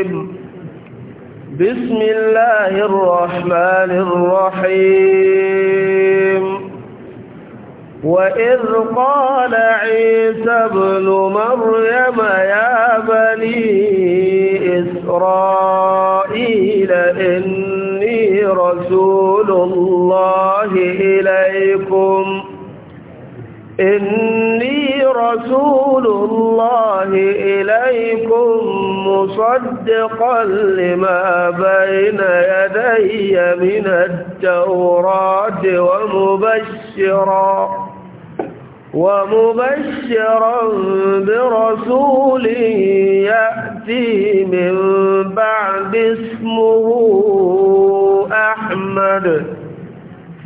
الرجيم بسم الله الرحمن الرحيم وإذ قال عيسى ابن مريم يا بني إسرائيل إني رسول الله إليكم إني رسول الله إليكم مصدقا لما بين يدي من التوراة ومبشرا ومبشرا برسول يأتي من بعد اسمه أحمد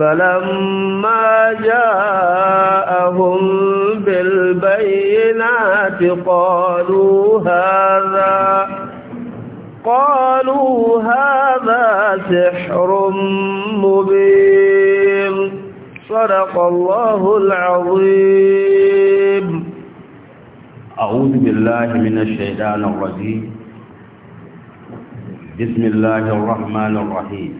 فلما جاءهم بالبينات قالوا هذا قالوا هذا سحر مبين صدق الله العظيم أعوذ بالله من الشيطان الرجيم بسم الله الرحمن الرحيم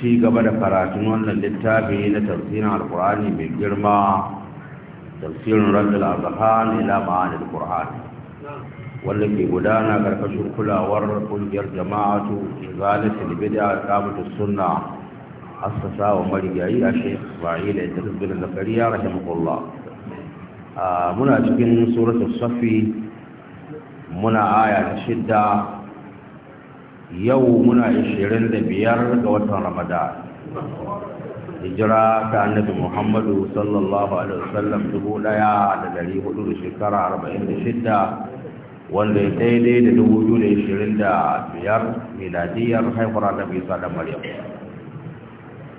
ci gaba da karatun wannan littafi na tafsirin alkur'ani mai girma tafsirin rabbil azhan ila ma'anil qur'an wanda ke gudana karkashin kulawar kungiyar jama'atu izalatul bid'a qamat sunna assasa wa marigayi a Sheikh Isma'il da bin Zakariya rahimahullah ah, muna cikin suratul safi muna aya ta shidda yau muna 25 ga watan ramadan hijira ta annabi muhammadu sallallahu alaihi wasallam da shekara arba'in da shidda wanda ya daidai da dubu biyu da da ishirin biyar miladiyar haifar annabi isa da maryam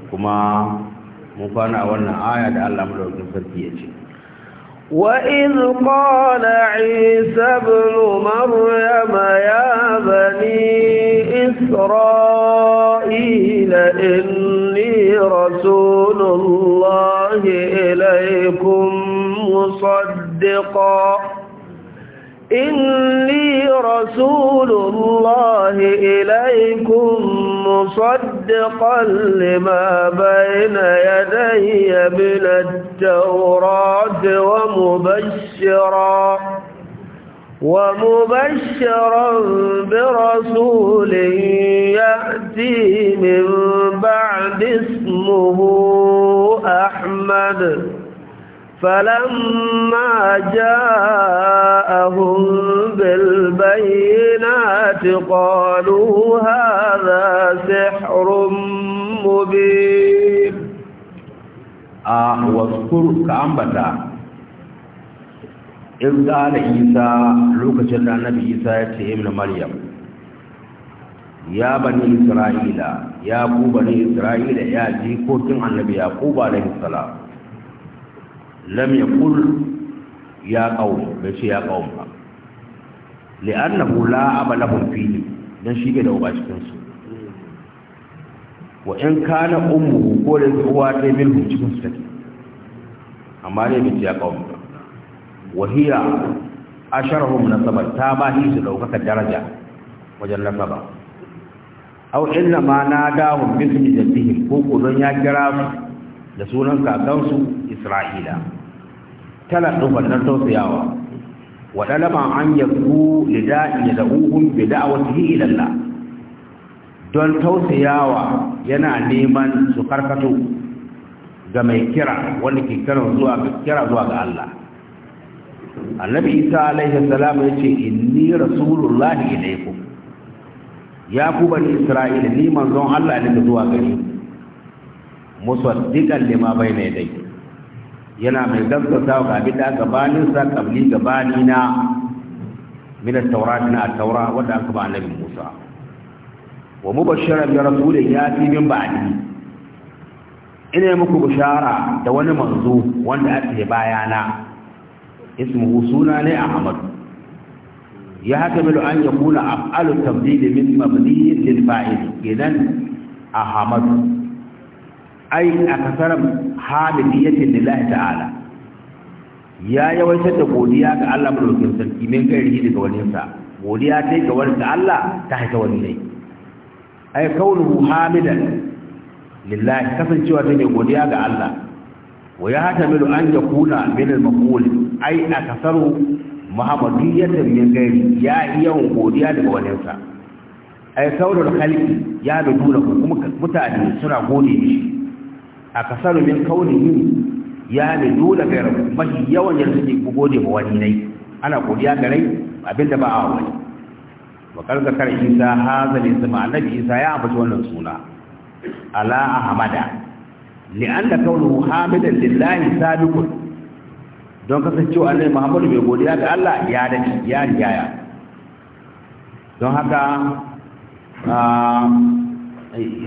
kuma mun a wannan aya da allah madaukin sarki ya ce وإذ قال عيسى ابن مريم يا بني إسرائيل إني رسول الله إليكم مصدقاً إني رسول الله إليكم مصدقا لما بين يدي من التوراة ومبشرا ومبشرا برسول يأتي من بعد اسمه أحمد فلما جاءهم بالبينات قالوا هذا سحر مبين واذكر كأنبتا إذ قال عيسى لوكا شرع النبي عيسى يتيه ابن مريم يا بني إسرائيل يا بني إسرائيل يا جيكوتم النبي يعقوب عليه السلام lam yaqul ya qaum bai ce ya qaum ba li'annahu la aba lahum fihi dan shi bai da uba cikin su wa in kana ummuhu ko da uwa ta milhu cikin su take amma dai bai ce ya qaum ba wa hiya asharhum nasabar ta ba shi su daukaka daraja wajen nasaba aw inna ma nadahum bismi jaddihim ko ko don ya kira da sunan kakansu Isra'ila tana ɗin wannan tausayawa wa ɗalaban an yabu lida'in ya da'uhun bi da'awatihi yi ilalla. don tausayawa yana neman su karkato ga mai kira wani ke kira zuwa ga kira zuwa ga Allah annabi isa alaihi salam ya ce inni rasulullahi ilaikum ya ku bani isra'ila ni manzon Allah ne zuwa gare ku musaddiqan lima bayna yadayhi yana mai gaskata ga abin da gabanin sa kabli gabani na min at-taurat na at-taura wanda aka ba annabi Musa wa mubashshiran bi rasulin yati min ba'di ina muku bishara da wani manzo wanda ake na. ismuhu suna ne Ahmad ya haka milu an yakuna af'alu tabdil min mabni lil fa'il idan Ahmad ai a kasarar Ni lillahi ta'ala ya yawaitar da godiya ga Allah mulkin sarki min gairi daga wani sa godiya ta yi ga wani Allah ta haita wani ne ai kaunuhu hamidan lillahi kasancewa ta mai godiya ga Allah wa ya milu an yakuna min al-maqul ai a kasaru muhammadiyyatin min gairi ya yi yawan godiya daga wani sa ai kaunar halki ya da dole kuma mutane suna gode mishi a kasar min yi ya ne dole ga gairar mafi yawan yanzu ne ku gode ma wani nai ana godiya ga rai abinda ba a wani wa isa haza ne ma annabi isa ya ambaci wannan suna ala ahmada li'anna kaunu hamidan lillahi sabiqun don kasancewa annabi muhammadu mai godiya ga Allah ya da ya riyaya don haka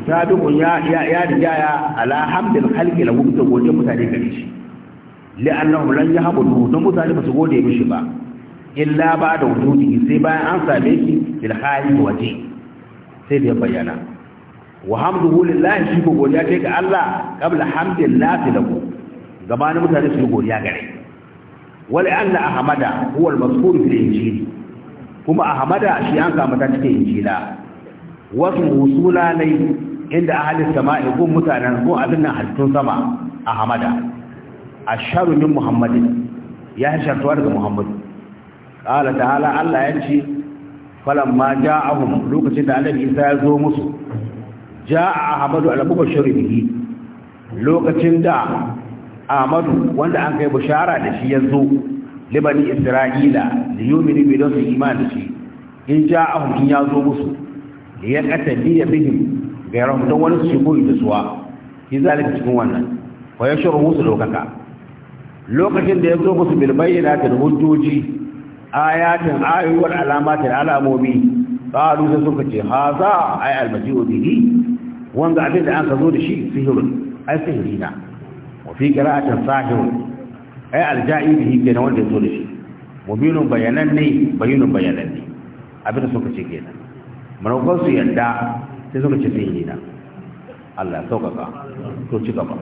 sabiqun ya ya riga ya ala hamdil khalqi la bisa gode mutane gare shi annahu lan yahmudu don mutane ba su gode mishi ba illa ba da wujudi sai bayan an same shi bil hali waje sai da bayyana wa hamduhu lillahi shi ko godiya kai ga Allah qabla lati lahu gabanin mutane su godiya gare wal anna ahmada huwa al-mazkur fil injili kuma ahmada shi an kama ta cikin injila wasu usula ne inda a sama sama'i gun mutanen ko abin nan halittun sama a hamada a sharumin muhammadin ya yi shartuwa daga muhammadu ƙala hala allah ya ce falon ma ja ahun lokacin da annabi isa ya zo musu ja ahmadu ahamadu alabubar sharifi lokacin da ahmadu wanda an kai bushara da shi ya zo libani isra'ila da yomini bidon don su iman shi in ja ahun in ya zo musu ya qatadi bihim gairahum don wani su goyi da suwa shi zalika cikin wannan wa yashuru musu lokaka lokacin da ya zo musu bil bayyinati da hujjoji ayatin ayyuwar alamatin alamomi qalu sai suka ce haza ay almasihu bihi wanda abin da an ka zo da shi sihirin. Ai sihiri na. wa fi qira'atin sahirun ay alja'i bihi kenan wanda ya zo da shi mubinun bayanan ne bayinun bayanan ne abin da suka ce kenan manakon su yadda sai suka ce sun yi na Allah sauƙaƙa to ci gaba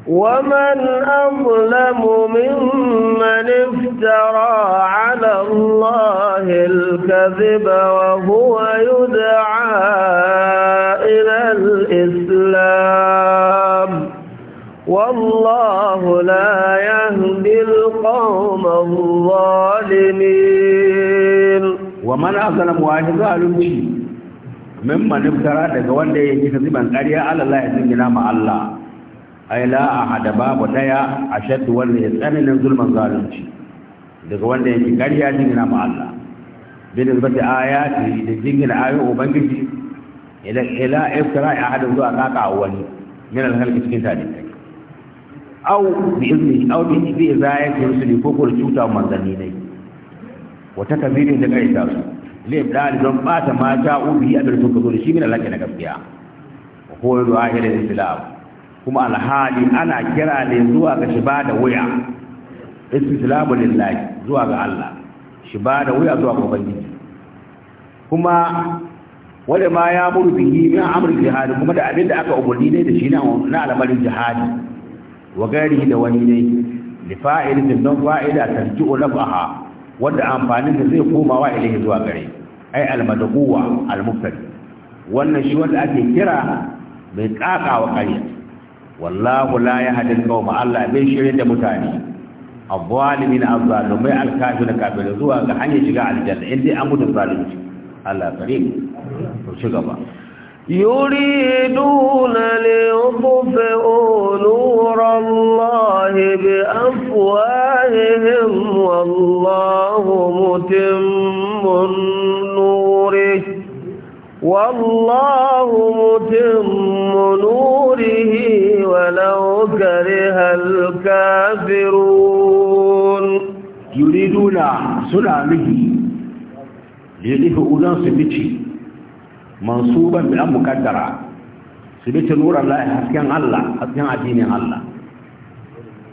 ومن أظلم ممن افترى على الله الكذب وهو يدعى إلى الإسلام والله لا يهدي القوم الظالمين ومن أظلم واحد ظالم min manuftara daga wanda ya yi kaziban ƙarya Allah ya zingina ma Allah ai la ahada babu daya ashaddu wanda ya tsananin zulman zalunci daga wanda ya yake ƙarya jingina ma Allah bi da zubata ayati da jingina ayoyin ubangiji ila ila iftara hada zuwa kaka wani min alhalki cikin talibai aw bi izni aw bi izni zayati rusuli ko ko cuta manzanni ne wata kabirin da kai ta su laifin don bata mata ubi a birnin ka zo da shi min alaƙi na gaskiya ko da ahirin islam kuma alhali ana kira ne zuwa ga shi da wuya istislamu lillahi zuwa ga Allah shi da wuya zuwa ga ubangiji kuma wanda ma ya muru bihi min amrin jihadi kuma da abin da aka umurni ne da shi na al'amarin jihadi wa gari da wani ne li fa'ilatin don fa'ida tarji'u nafaha wanda amfanin da zai komawa ilahi zuwa gare ai almadhuwa almubtadi wannan shi wanda ake kira mai bai wa ƙarya wallahu la yahdi alqawma Allah bai shirye da mutane الظالمين الظالمين الكافرين الكافرين zuwa ga hanyar shiga aljanna inda an mutu zalunci Allah karim to shiga ba يريدون ليطفئوا نور الله بأفواه عليهم والله متم نوره والله متم نوره ولو كره الكافرون يريدون سنة به ليليه أولان سبتي منصوبا بأم مقدرة سبتي نور الله حسكين الله حسكين عدين الله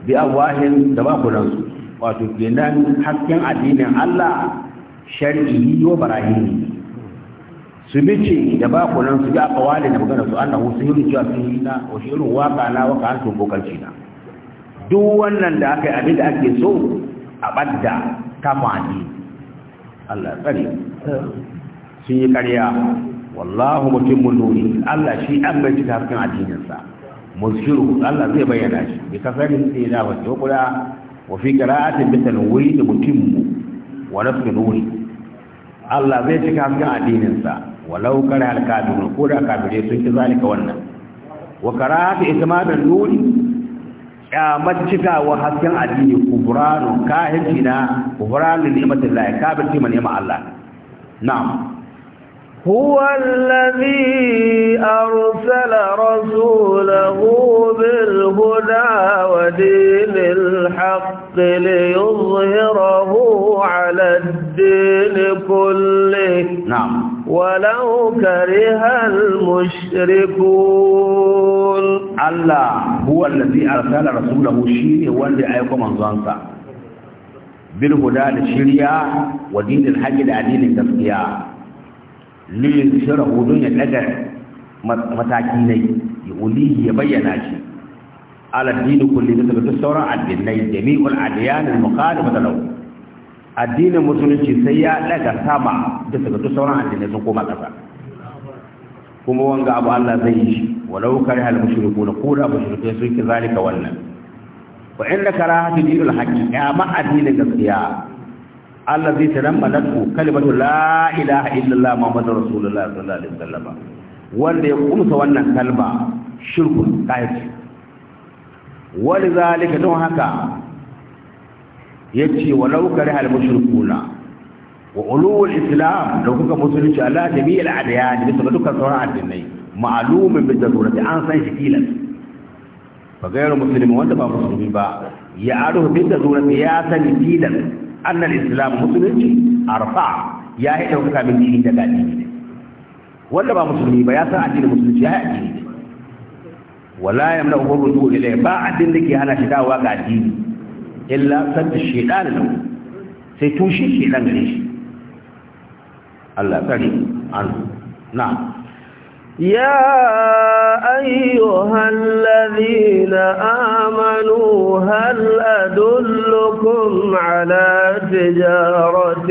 bi awahin da ba ku ransu wato kenan hasken addinin Allah shar'i wa barahini su bice da ba ku ransu bi aqwali da magana su annahu sihiru cewa sihirina wa shirun waka na waka an to bokanci na duk wannan da aka yi abin da ake so a badda ta addini Allah tsare sun yi karya, wallahu mutum muluri Allah shi an bai cika hasken addininsa mushiru Allah zai bayyana shi bi kasarin sai da wasu kula wa fi qira'atin bi tanwiri mutimmu wa nafi nuri Allah zai cika hasken addininsa sa walau kare al-kafirun ko da kafirai sun ci zalika wannan wa qira'atu itmamin nuri kyamar cika wa hasken addini kubranu kahirci na kubranu ni'matillahi kafirci Allah na'am هو الذي أرسل رسوله بالهدى ودين الحق ليظهره على الدين كله نعم ولو كره المشركون الله هو الذي أرسل رسوله الذي والذي من أنظانسا بالهدى للشريع ودين الحق لعدين التسقيا liyushira hudun ya daga mataki ne ya ulihi ya bayyana shi ala dini kulli da daga sauran addinai jami'ul adiyan al mukhalifat lahu addinin musulunci sai ya daga sama da daga sauran addinai sun koma kasa kuma wanga abu Allah zai yi shi walau kariha al mushrikuna kura mushrikai sun ki zalika wannan wa inna karahatu dinil haqqi ya ma addinin gaskiya Allah zai allazi tanammalatu kalimatu la ilaha illallah muhammadur rasulullah sallallahu alaihi wasallam wanda ya kumsa wannan kalma shirkun kafir wani zalika don haka ya ce wa laukar halmushirkuna wa uluwar islam da kuka musulunci allah ta biya al'adaya da bisa ga dukkan sauran addinai ma'alumin bin da zurati an san shi filan ba gairar musulmi wanda ba musulmi ba ya aruhu bin da zurati ya sani filan annal islam musulunci arfa ya yi ɗaukaka min dini daga addini ne wanda ba musulmi ba ya san addinin musulunci ya yi addini ne wala ya mna ubar rutu ilai ba addin da ke hana shi dawowa ga addini illa sabbi shaidan lahu sai tushe shaidan gare shi Allah tsari an na. يا أيها الذين آمنوا هل أدلكم على تجارة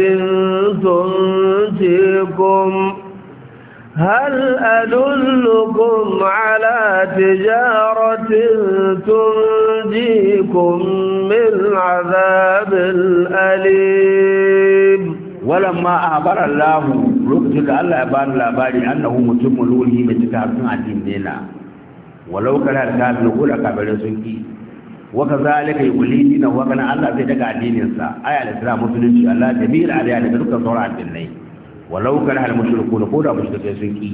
تنتيكم هل أدلكم على تجارة تنجيكم من عذاب أليم ولما أعبر الله lokacin da Allah ya bani labari annahu mutumin ruhi mai cika harsun addini na walau kana ta bi ko da kabarin sun ki wa kazalika yulidi na wa kana Allah zai daga addinin sa aya al-islam musulunci Allah da bi al-ariya da dukkan sauran addinai walau kana al-mushrikun ko da mushrikai sun ki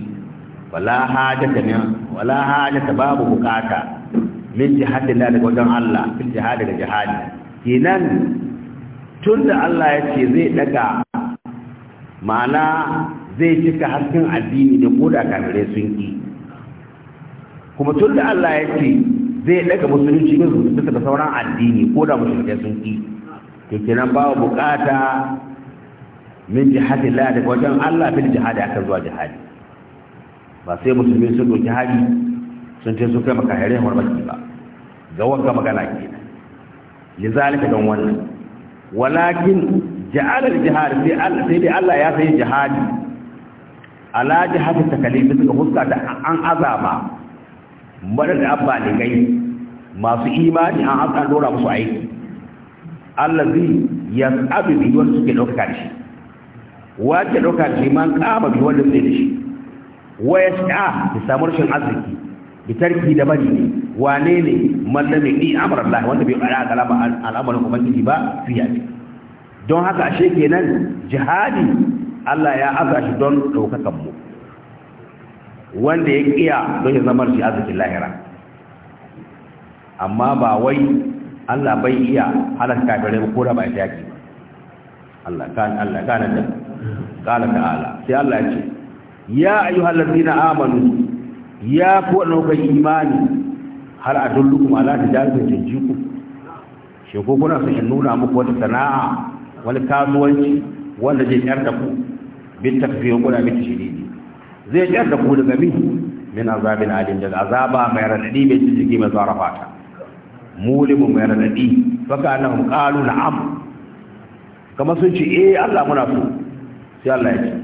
wala hajata min wala hajata babu bukata min jihadin da daga wajen Allah fil jihad daga jihadi kenan tunda Allah ya ce zai daga ma'ana zai cika hasken addini ne ko da kafirai sun ki kuma tun da Allah ya ce zai daga musulunci ne bisa da sauran addini ko da musulunci sun ki to kenan wa bukata min jihadi la da wajen Allah bil jihadi akan zuwa jihadi ba sai musulmi sun doki hari sun ce su kai hare hormaki ba ga wanka magana kenan lizalika don wannan walakin ja'alar jihar sai dai Allah ya sai jihadi ala jihatu takalifi suka huska da an azama madad abba ne gai masu imani an aka dora musu aiki allazi yas'abu bi wanda suke dauka da shi wace dauka da shi man kama bi wanda suke da shi waya sha'a ah, da samu rashin arziki bi tarki da bari ne wane ne mallami ni amrullah wanda bai al'amarin ubangiji ba fiye don haka ashe kenan jihadi Allah ya aza shi don ɗaukakan mu wanda ya kiya don ya zamar shi arzikin lahira amma ba wai Allah bai iya halaka kafirai ko da ba ya yaki Allah kan Allah kana da kana ta'ala sai Allah ya ce ya ayyuhallazina amanu ya ku nauka imani har a dullukum ala tijaratin tunjiku shi ko kuna son in nuna muku wata sana'a wani kasuwanci wanda zai ƙyar da ku bin tafiye kuna miki ne zai ƙyar da ku daga min min azabin alim daga azaba mai raɗaɗi mai jijjigi mai zarafa ta mulimin mai raɗaɗi faka na hukalu na am kamar sun ce eh allah muna so sai allah ya ce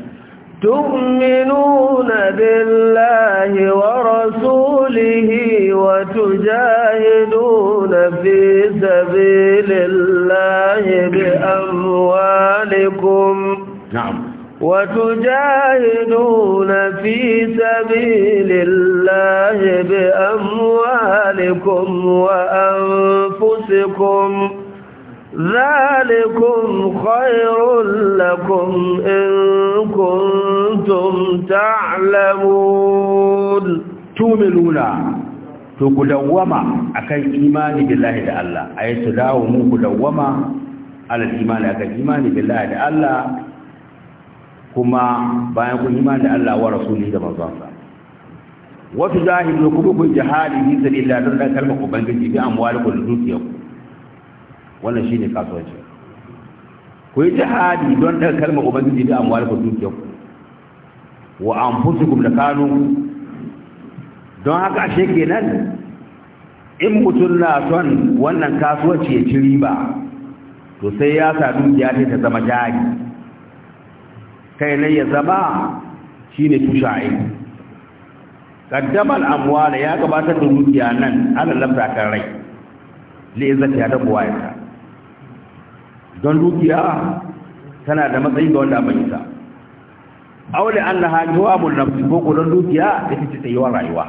تؤمنون بالله ورسوله وتجاهدون في سبيل الله بأموالكم نعم وتجاهدون في سبيل الله بأموالكم وأنفسكم ذلكم خير لكم إن كنتم تعلمون تؤمنون تقدوما أكن إيمان بالله تعالى أي تداوم قدوما على الإيمان أكن إيمان بالله تعالى كما بينكم إيمان الله ورسوله دمزاصا وتجاهدوا كبكم جهاد في سبيل الله كلمة أبنجي بأموالكم لدوسيكم wannan shi ne kasuwanci ku yi jihadi don ɗan kalmar ubangiji da amwal ku dukiyar ku wa anfusukum da kanu don haka ashe kenan in mutum na son wannan kasuwanci ya ci riba to sai ya sa dukiya ta zama jari kai naya ya zama ne tushayi kaddamar amwala ya gabatar da dukiya nan ana lamta kan rai li'izzati ta buwaya don dukiya tana da matsayi ga wanda bai ta aure an na hajjo abun ko don dukiya da ce ta yi wa rayuwa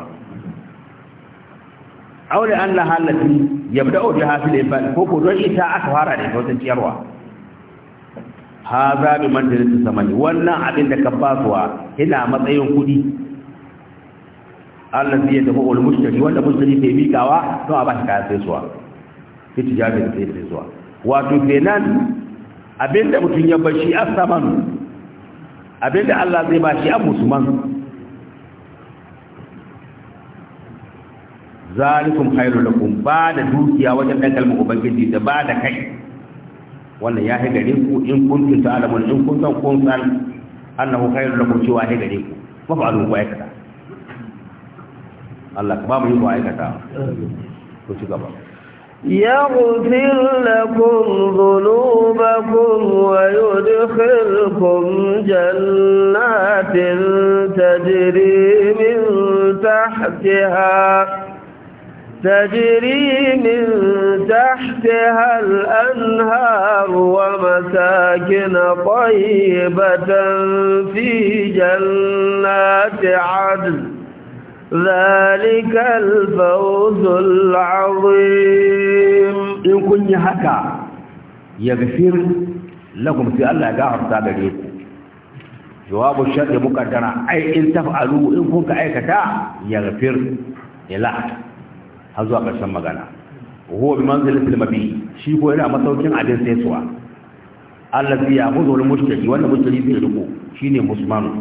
aure an na halafi yabda obi hafi da ibali ko don ita aka fara da wata ciyarwa ha za bi manzilin samani wannan abin da ka basuwa ina matsayin kudi Allah zai da wal mushtari wanda mushtari bai mikawa to a ba shi kayan sai suwa fi tijabi sai sai suwa wato kenan abinda mutum ya bar shi asaman abinda Allah zai ba shi a musulman zalikum khairu lakum ba da dukiya wajen dan kalmar ubangiji da ba da kai wannan ya gare ku in kuntum ta'lamun in kuntum kun san annahu khairu lakum cewa ya gare ku mafa'alu ku aikata Allah ba mu yi ku aikata ku ci gaba يغفر لكم ذنوبكم ويدخلكم جنات تجري من تحتها تجري من تحتها الأنهار ومساكن طيبة في جنات عدن ذلك الفوز العظيم إن كن هكا يغفر لكم في الله غفر تابعين جواب الشرط مقدرة أي إن تفعلوا إن كنت أيكتا يغفر إله هذا هو قسم مغانا وهو بمنزلة المبي شيكو إلى مسوكين عدن سيسوا الذي يأخذه المشتري وأن المشتري في الرقوق شيني مسلمان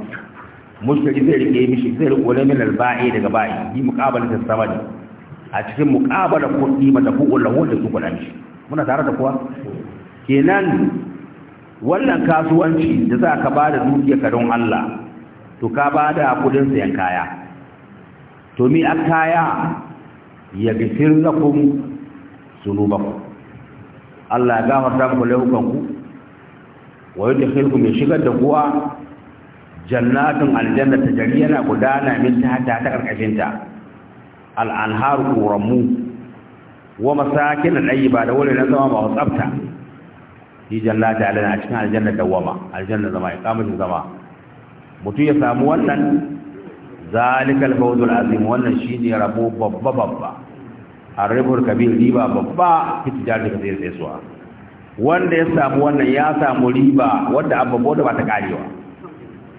mushtari zai rike mishi zai rike wani min ba'i daga ba'i yi muqabalata ne. a cikin muqabala kuɗi madafu'ul lahu da su kuɗa mishi muna tare da kuwa kenan wannan kasuwanci da za ka ba da ka don Allah to ka ba da kudin sayan kaya to mi a kaya ya gafir zakum sunubakum Allah ya gafarta muku laifukan ku wa yudkhilkum ya shigar da kuwa Jannatin aljanna ta jari yana gudana min ta hata ta karkashinta al'anharu kuranmu wa masakin ba da wani nan zama ba tsafta yi jannata alana na cikin aljanna wama, aljanna zama ya kamashin zama mutum ya samu wannan zalikal fawzul azim wannan shine rabo babba babba ribar kabir riba babba fiti fitijar da zai tsaye wanda ya samu wannan ya samu riba wadda Abubuwa da ba ta karewa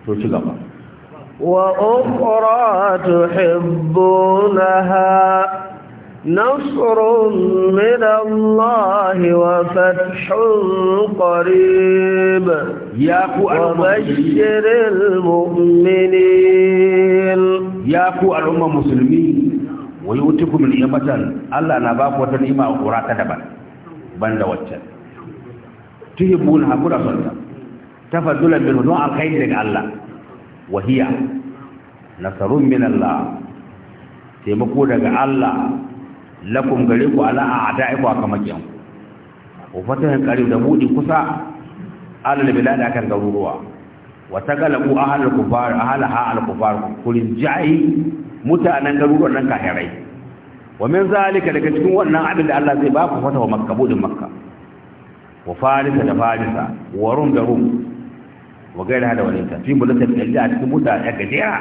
tó ti lọ́pàá. Wà ọkọ̀rọ̀ àtòhìbò náà nasrun min allahi wa fathun qarib ya ku al ya ku al umma muslimin wa yutikum min yamatan allah na ba ku tani ma qurata daban banda wacce tihbun hakura sultan tafaddulan min don alkhairi daga Allah wahiya nasarun min Allah taimako daga Allah lakum gare ku ala a'da'iku aka makiyan ku fatahin qarib da budi kusa alal bilad akan garuruwa wa tagalaku ahlul kufar ahlaha al kufar kulin ja'i mutanen garuruwan nan kahirai wa min zalika daga cikin wannan abin da Allah zai ba ku fatawa makka budin makka wa farisa da farisa wa rum da rum wa gaira da wani ta fi bulata da a cikin mota ya gajera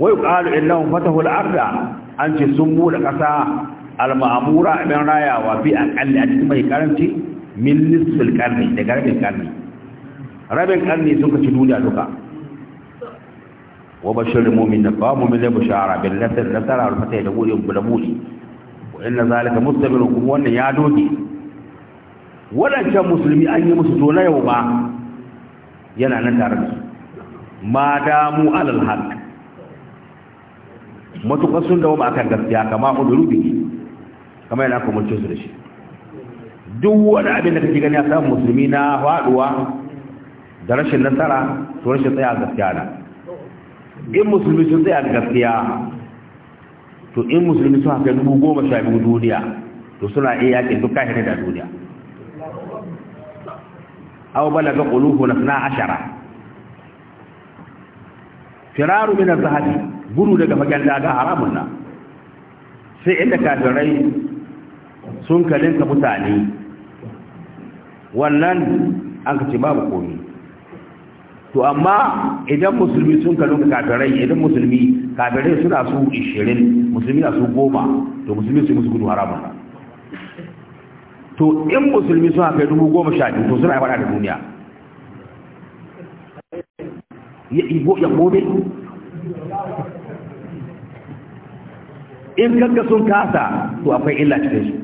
wai qalu innahum fatahu al-arda an ce sun bude kasa al-ma'mura ibn rayawa fi aqalli a cikin mai karanci min nisfil qarni da garbin qarni rabin qarni sun kaci duniya duka wa bashirul mu'minin fa mu'minin bishara bil nasr nasara al-fatih da gurin bulamuli wa inna zalika mustabirun kuma wannan ya doge wadancan musulmi an yi musu to na yau ba yana nan tare da su ma damu alal haq matukar sun dawo ba akan gaskiya kama uduru biyu, kama yana kuma cin su da shi duk wani abin da kake gani a samun musulmi na faduwa da rashin nasara to rashin tsaya gaskiya na in musulmi sun tsaya gaskiya to in musulmi sun haka dubu goma sha biyu duniya to suna iya yakin duk kahirai da duniya أو balaga قلوه lafna عشرة فرار من الزهد zahabi gudu daga fagen daga haramun na sai inda kafirai sun kalinka mutane wannan an kace babu to amma idan musulmi sun kalu kafirai idan musulmi kafirai suna su 20 musulmi na su 10 to musulmi su musu gudu to in musulmi suna kai dubu goma sha biyu to suna yi da duniya ya gobe in kanka sun kasa to akwai illa cikin su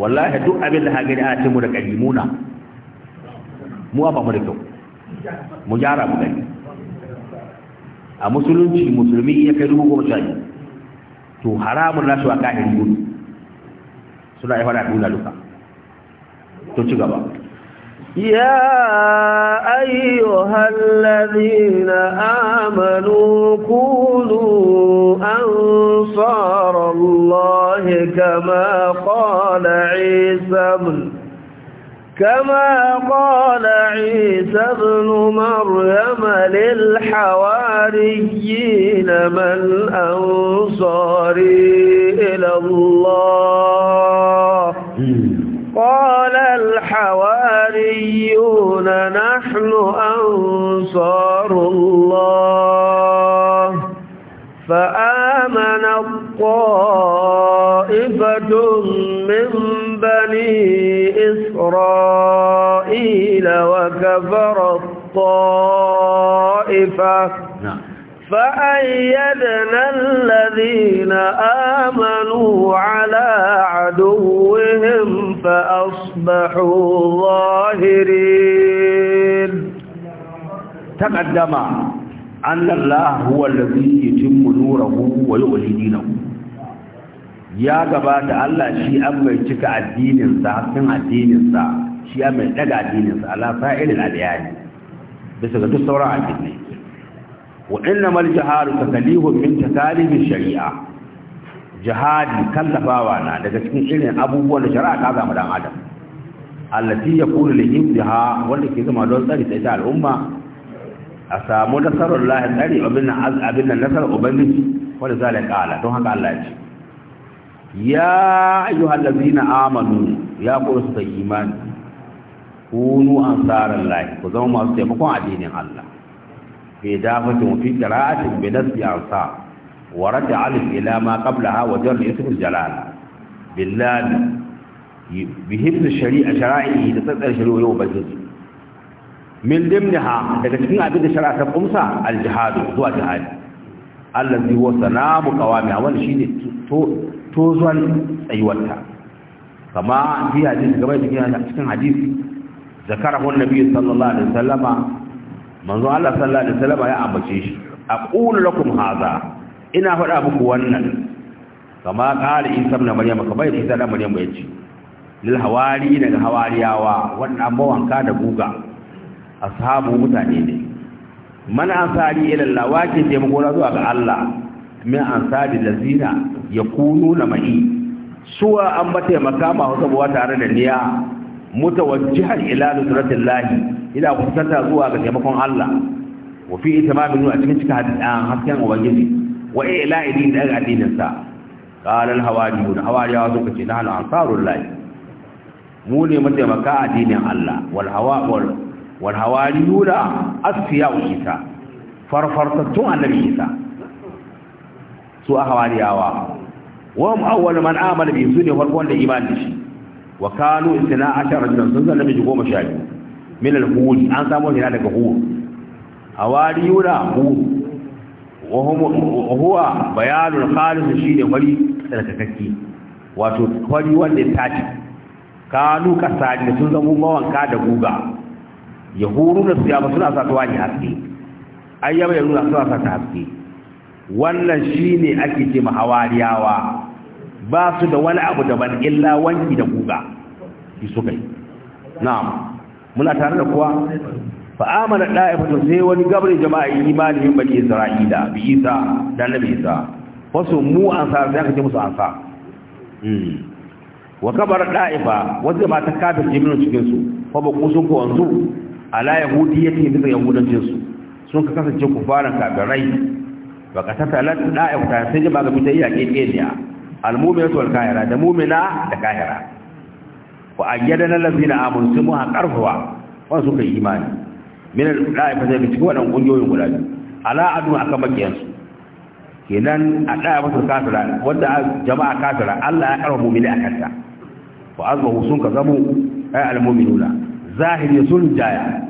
wallahi duk abin da hagin ya ce mu da kalimuna mu ba mu da kyau mu gyara mu gani a musulunci musulmi iya kai dubu goma sha biyu to haramun nasu a kahiri gudu suna yi fara duna duka to ci gaba يا أيها الذين آمنوا كونوا أنصار الله كما قال عيسى بن كما قال عيسى بن مريم للحواريين من أنصاري إلى الله قال الحواريون نحن أنصار الله فآمن الطائفة من بني إسرائيل وكفر الطائفة نعم. فأيدنا الذين آمنوا على عدوهم فأصبحوا ظاهرين تقدم أن الله هو الذي يتم نوره ويؤلي دينه يا قبات الله شيء أما يتكع الدين انسا سنع الدين انسا شيء أما يتكع الدين انسا لا فائل الأديان بس قد تستورع الدين وإنما الجهار تتليه من تتاليه الشريعة jihadi kallafawa na daga cikin irin abubuwan da shari'a ta zama dan adam allati yaqulu li hifdha wanda ke zama don tsari ta al'umma a samu nasarar lahi tsari abin nan abin nan nasarar ubangiji wanda zalika kala don haka Allah ya ce ya ayyuhal ladina amanu ya ku su imani kunu ansaran lahi ku zama masu taimakon addinin Allah bai dafa tun fi qira'atin bi nasbi ansar ورد علم إلى ما قبلها وجر اسم الجلال بالله بهبن الشريعة شرائعه لتسأل شريعه يوم من ضمنها لكن أبدا شرائع تقومسا الجهاد هو جهاد الذي هو سلام قوامها والشيء توزن أيوتها كما في حديث كما في حديث ذكره النبي صلى الله عليه وسلم منذ الله صلى الله عليه وسلم يا أبتش أقول لكم هذا ina faɗa muku wannan kama ƙara isa na maryam kamar yadda isa na maryam ya ce lil hawari daga hawariyawa wannan mawanka da guga ashabu mutane ne man ansari ila Allah wace ce mu zuwa ga Allah min ansari lazina yakunu na mai suwa an bata maka ma tare da niyya mutawajjihan ila nusratillah ila kusanta zuwa ga taimakon Allah wa fi binu a cikin cika hadin hasken ubangiji wa ila idin da ga addinin sa qalan hawariyun hawariyawa suka ce nahnu ansarullahi mu ne mataimaka addinin Allah wal hawa wal wal hawariyun asfiya isa farfartattun annabi isa su a hawariyawa wa mu awwal man amala bi sunni farko wanda da shi wa kanu 12 rajulan sun zama miji 12 min al-hud an samu hina daga huru. hud hawariyun huru. wahuwa bayanul khalis shi ne wari tsarkakakke wato wari wanda ya tashi kanu kasani sun zama mawanka da guga ya huru da siya suna sa ta wani haske ayyaba ya nuna suna sa ta haske wannan shi ne ake ce mahawariyawa ba su da wani abu daban illa wanki da guga shi kai. yi na'am muna tare da kuwa fa amana da'ifatu sai wani gabri jama'a imani min bani isra'ila bi isa da nabi isa wasu mu sa sai aka ce musu an sa hmm. wa kabar da'ifa wanda ba ta kafir jimin cikin su fa ba ku sun ko wanzu ala yahudiyyati bisa yahudancin su sun ka kasance kufaran kafirai wa qatatalat da'ifata sai jama'a ga mutayya kekeniya almumin wal kahira da mu'mina da kahira wa ayyadana allazina amanu sun mu haƙarfuwa wanda suka yi imani min al-da'ifa zai cikin wadannan ƙungiyoyin guda biyu ala adu akan su. kenan a ɗaya masa kafira wanda jama'a kafira Allah ya karɓa mu'mini a kanta wa azbahu sun ka zamu ay al-mu'minuna zahiri sun jaya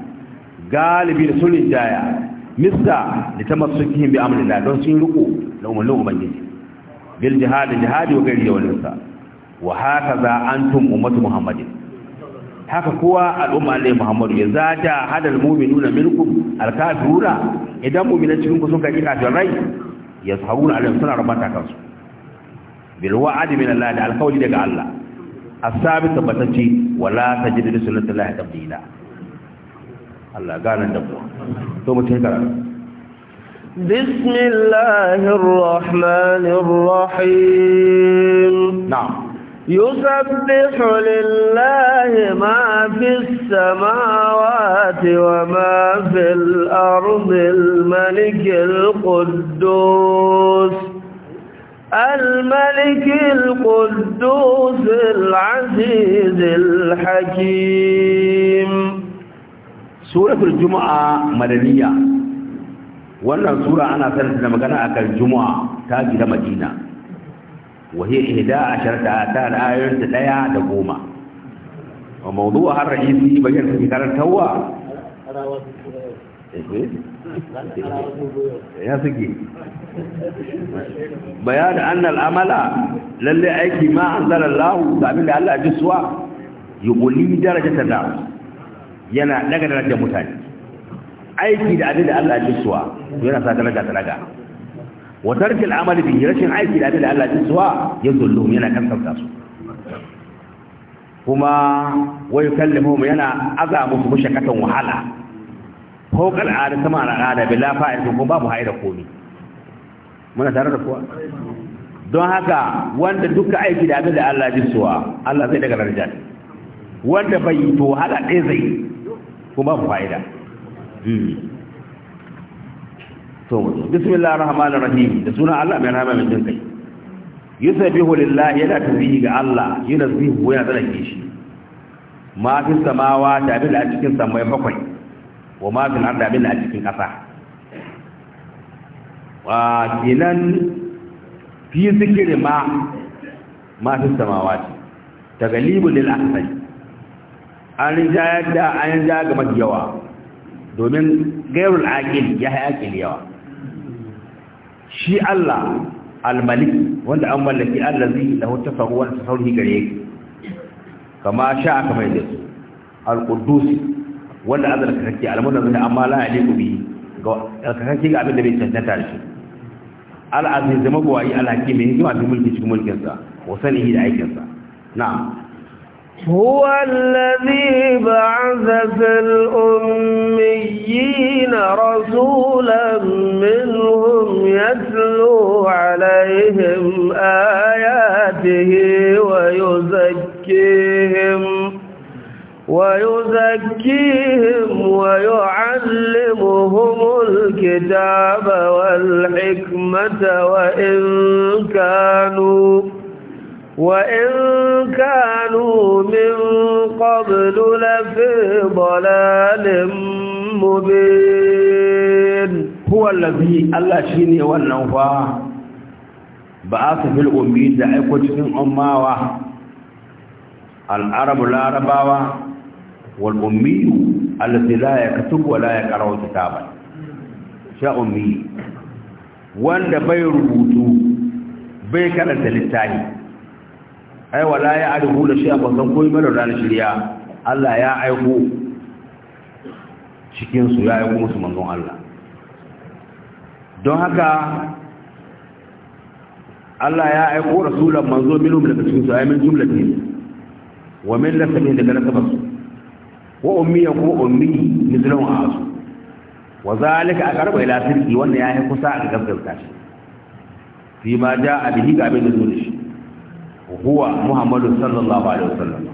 galibi sun jaya mista da tamassukihim bi amrillah don sun riko da umarnin ubangiji bil jihad jihadi wa gairi yawalinsa wa hakaza antum ummatu muhammadin haka kowa al'umma ne muhammadu ya zata hadal mu'minuna minkum al-kafiruna idan mu'mina cikin ku suka kika rai ya sahabuna alayhi suna rabata kansu bil wa'd min Allah da alqawli daga Allah as-sabit tabbatacci wala tajidu sunnatullahi tabdila Allah gane da mu to mu tsaya بسم الله الرحمن الرحيم نعم يسبح لله في السماوات وما في الأرض الملك القدوس الملك القدوس العزيز الحكيم سورة الجمعة مدنية وانا سورة انا سنت لما كان اكل جمعة تاجي مدينة وهي اهداء عشرة اتان اعين تتايا دقومة وموضوعها الرئيسي بين في كان توا يا سكي بيان أن الأمل للي أيكي ما أنزل الله تعمل الله جسوى يقولي درجة الناس yana daga darajar mutane aiki da abin da Allah ya jisuwa yana sa daraja ta daga wa amali bi aiki da abin da Allah yana su kuma wai kallimuhum yana aza musu mushakatan wahala ko kal ada sama al'ada bila fa'id kuma babu haira komi muna tare da kowa don haka wanda duka aiki da abin da Allah ya jisuwa Allah zai daga daraja wanda bai yi to wahala ɗaya zai kuma babu fa'ida hmm. to bismillahir rahmanir rahim da sunan Allah mai rahama mai jin kai yusabihu lillahi yana tabihi ga Allah yunazzihu yana tsarki shi ma fi samawa ta abin a cikin samai bakwai wa ma fi arda abin a cikin ƙasa wa kinan fi zikiri ma ma fi samawa ta galibu lil ahsani an rinja yadda an rinja ga mafi yawa domin gairul aqil ya haƙil yawa shi Allah almaliki wanda an mallaki allazi lahu tafaru wa tasarruhi gare yake kama sha kamar da su al-quddus wanda azal kake al-munazzih amma la yaliqu bi ga kake ga abin da bai cancanta da shi al-aziz magwai al-hakim ne hikima bi mulki cikin mulkin sa wa sanihi da aikin sa na'am هو الذي بعث في الأميين رسولا منهم يتلو عليهم آياته ويزكيهم ويزكيهم ويعلمهم الكتاب والحكمة وإن كانوا وإن كانوا من قبل لفي ضلال مبين هو الذي الله شيني والنوفا بعث في الأمين دعيكو تكين أماوة العرب العرباوة والأمين الذي لا يكتب ولا يكره كتابا شاء أمين وأن دبير بوتو بيكرة للتاهي ai wala ya arihu da shi a bangan koyi mara na shirya Allah ya aiko cikinsu ya aiko musu manzon Allah don haka Allah ya aiko rasulan manzo minhum daga cikin su ayyamin jumlatin wa min lasabi daga nasabarsu wa ummi ya ko ummi mislan wa asu wa zalika aqrabu ila sirri wannan ya yi kusa ga gaskata shi fi ma jaa bihi ga abin da zuwa shi huwa muhammadu sallallahu alaihi wasallam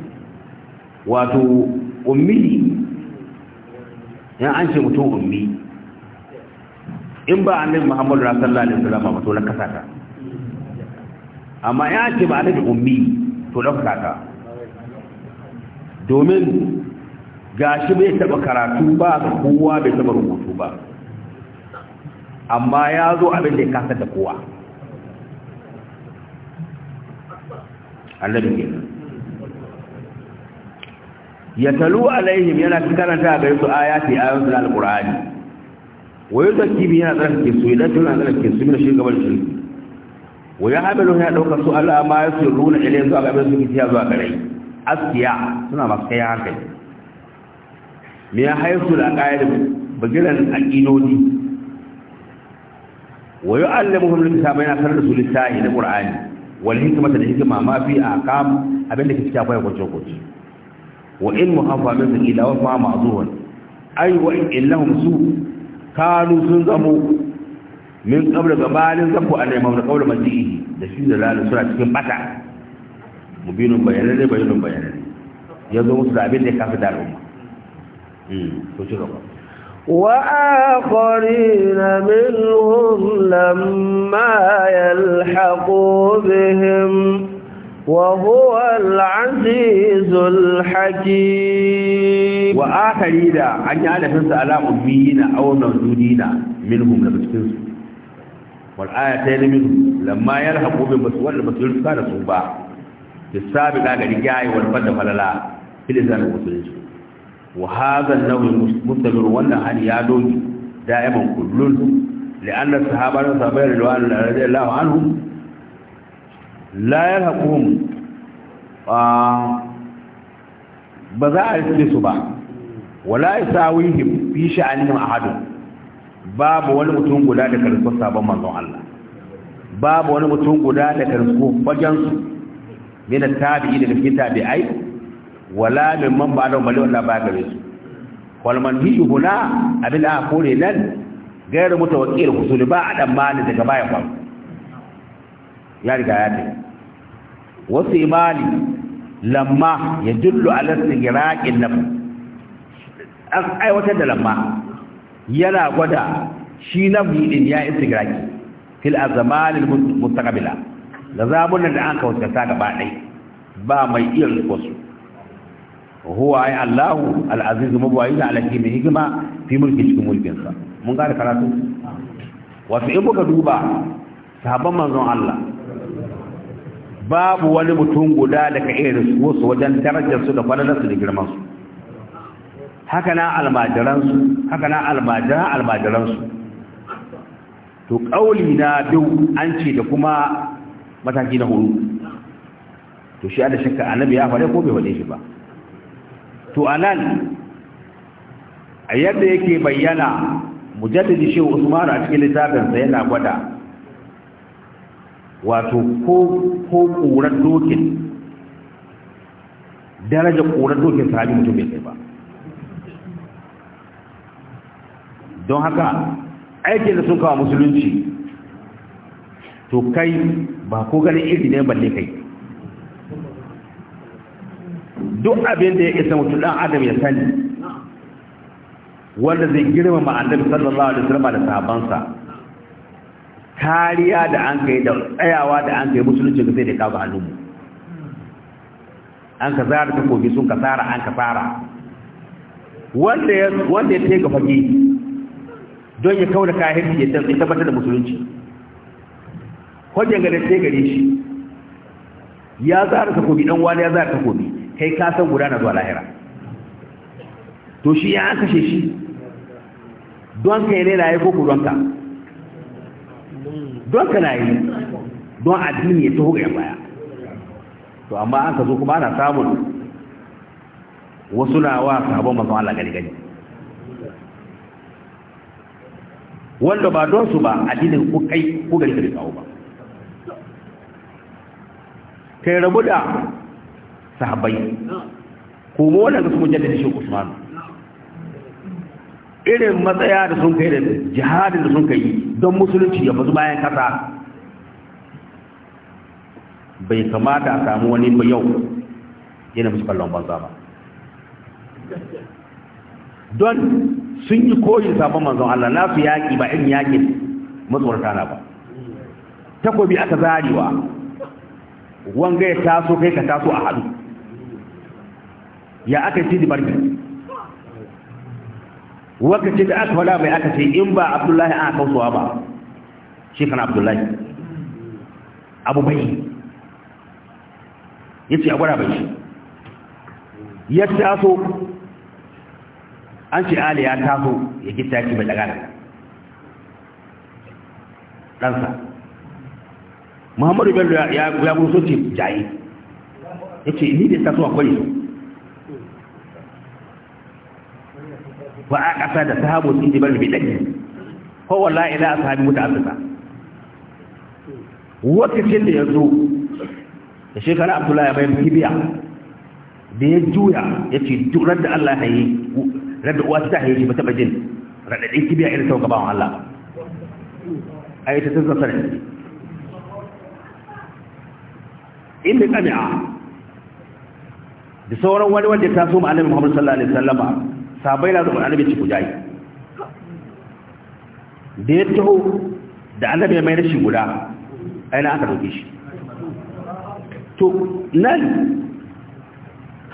wato ummi ya an ce mutum ummi in ba annabi muhammadu sallallahu alaihi wasallam ba to na kasata amma ya ce ba annabi ummi to na kasata domin gashi bai taba karatu ba ga kowa bai taba rubutu ba amma ya zo abin da ya kasa da kowa annabi kenan yatalu alaihim yana ta ga su ayati ayatul alqur'ani wa yuzakki bi yana ke su idan tana ke su min shirka bal shirki wa yahmilu ya dauka su ala ma yusirruna ilayhi zuwa ga su kiya zuwa gare askiya suna masu kai hankali me ya haisu da qaid bugiran aqidodi wa yu'allimuhum lisa kitaba yana sanar da su qur'ani wal hikmata da hikma ma fi aqam abinda ke cikin akwai gwaje gwaje wa in muhaffazatu ila wa ma ma'zuhun ay wa in illahum su kanu sun zamo min qabla gabalin zaku annai mabda qawl majihi da shi da lalu sura cikin bata mubinun bayyana bayanun bayanane yazo musu da abin da ya kafi da al'umma hmm, to ci gaba وآخرين منهم لما يلحقوا بهم وهو العزيز الحكيم وآخرين أن يعرفن على أميين أو مهدودين منهم لما تكنسوا والآيتين منهم لما يلحقوا بهم بس ولا بس يلحقوا بهم في السابق قال رجاي والبدف للا في الإسلام المسلمين wa hadha an-nawi mustamir wannan ya dogi لأن الصحابة الصحابة رضوان رضي الله عنهم لا يلحقهم ba za a riske su ba wala isawihim fi sha'anihim ahadun babu wani mutum guda da karsko sabon manzon Allah babu wani mutum guda da tabi'i daga cikin tabi'ai wala min man ba da mali wala ba gare su wal manhiyu huna abin a kore nan gairu mutawakkil husuli ba adam mali daga baya ba ya riga ya ta wasu imani lamma ya jullu ala sigiraqin nafs an aiwatar da lamma yana gwada shi na din ya istigiraqi fil azamal mustaqbila da zamunan da an kawo ta gaba dai ba mai iya rikosu huwa ay Allahu al-aziz mubawwin ala kimi hikma fi mulki cikin mulkin sa mun gane karatu wato in muka duba sahabban manzon Allah babu wani mutum guda da ka irin su wajen darajar da falalar da girman su haka na almajiran to kauli na biyu an ce da kuma mataki na hudu to shi annabi ya fare ko bai fade shi ba to anan a yadda yake bayyana mujaddidi shehu usman a cikin littafinsa yana gwada wato ko ko dokin daraja ƙurar dokin sahabi mutum bai kai ba don haka aikin da sun kawo musulunci to kai ba ko ganin iri ne balle kai duk abin da ya isa mutum dan adam ya sani wanda zai girma ma annabi sallallahu alaihi wasallam da sahabansa kariya da an kai da tsayawa da an kai musulunci da sai da kaga alumu an ka zara ta kofi sun ka tsara an ka tsara wanda ya wanda ya tega fage don ya kaura kahirci ya tabbatar da musulunci hujjan ga da tega shi ya zara ta kofi dan wani ya zara ta kofi kai ka san guda na zuwa lahira to shi ya kashe shi don kai ne na yi ko don ka don ka na yi don addini ya taho ga baya to amma an ka zo kuma ana samun wasu na wa sabon masu Allah gani gani wanda ba don su ba addinin ku kai ku gari gari kawo ba kai rabu da sahabbai ko mu wannan su mujaddid shi Usman irin matsaya da sun kai da jihadin da sun kai don musulunci ya bazu bayan kasa bai kamata a samu wani ba yau yana musu kallon banza ba don sun yi koyin sabon manzon Allah na su yaƙi ba irin yaƙin matsorata na ba takobi aka zarewa wanga ya taso kai ka taso a hannu ya aka yi waka ce da aka wala mai aka ce in ba abdullahi an kausowa ba shi kana abdullahi abu bai ya ce a gwada bai shi ya taso an ce ali ya taso ya gita ki bai dagana ɗansa muhammadu bello ya gusoci ce jaye ya ce ni da taso akwai kwari su wa aqasa da sahabu sun jibar bidai ko wallahi ila ashabi muta'assisa wakacin da ya zo, da shekara abdullahi bayan kibiya da ya juya ya ce durar da Allah ya yi radda uwa ta haihi ba taɓa jin raɗaɗin kibiya irin sauka bawan Allah a yi ta tun zasar inda ƙami'a da sauran wani wanda ta so ma'anin Muhammadu sallallahu Alaihi wasallama sabai na zuwa annabi ci jayi da ya taho da annabi ya mai rashi guda aina aka dauke shi to nan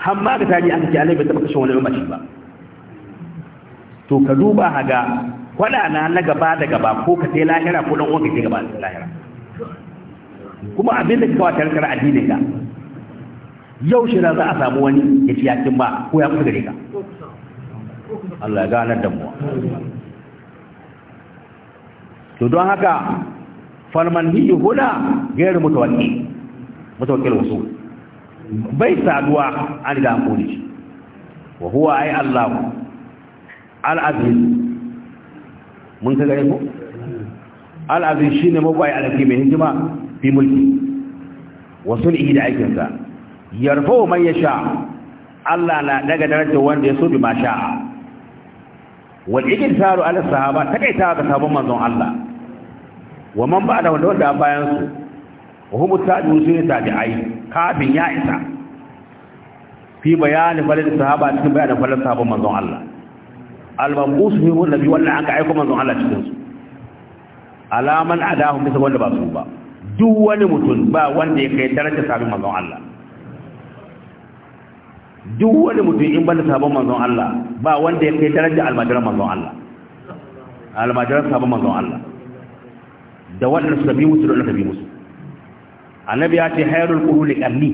hamma ga tari aka ce annabi bai taɓa kashe wani umarci ba to ka duba haga kwada na na gaba da gaba ko ka sai lahira ko dan uwanka ke gaba da lahira kuma abin da kawa kara addinin ka yau shi za a samu wani ya ci yakin ba ko ya kusa gare ka Allah ya ganar da mu to don haka falman hiyu huna gairu mutawalli mutawakkil wasu bai saduwa an da amuri shi wa huwa ay Allah al-aziz mun ka gare ko al-aziz shine bai alaki mai hikima fi mulki wa sulhi da aikin sa yarfo man yasha Allah na daga darajar wanda ya so bi ma sha'a Wani wal taro ala sahaba ta kai ta ga sabon manzon Allah wa man ba'da wanda wanda bayan su wa hum tabi'un sun tabi'ai kafin ya isa fi bayani balin sahaba cikin bayanin falal sabon manzon Allah al-mabqus fi nabi wanda ka aika manzon Allah cikin su alaman adahum bisa wanda ba su ba duk wani mutum ba wanda ya kai daraja sabon manzon Allah duk wani mutum in banda sabon manzon Allah ba wanda ya kai daraja almajiran manzon Allah almajiran sabon manzon Allah da waɗanda suka bi da waɗanda bi musu annabi ya ce hayrul quruni qarni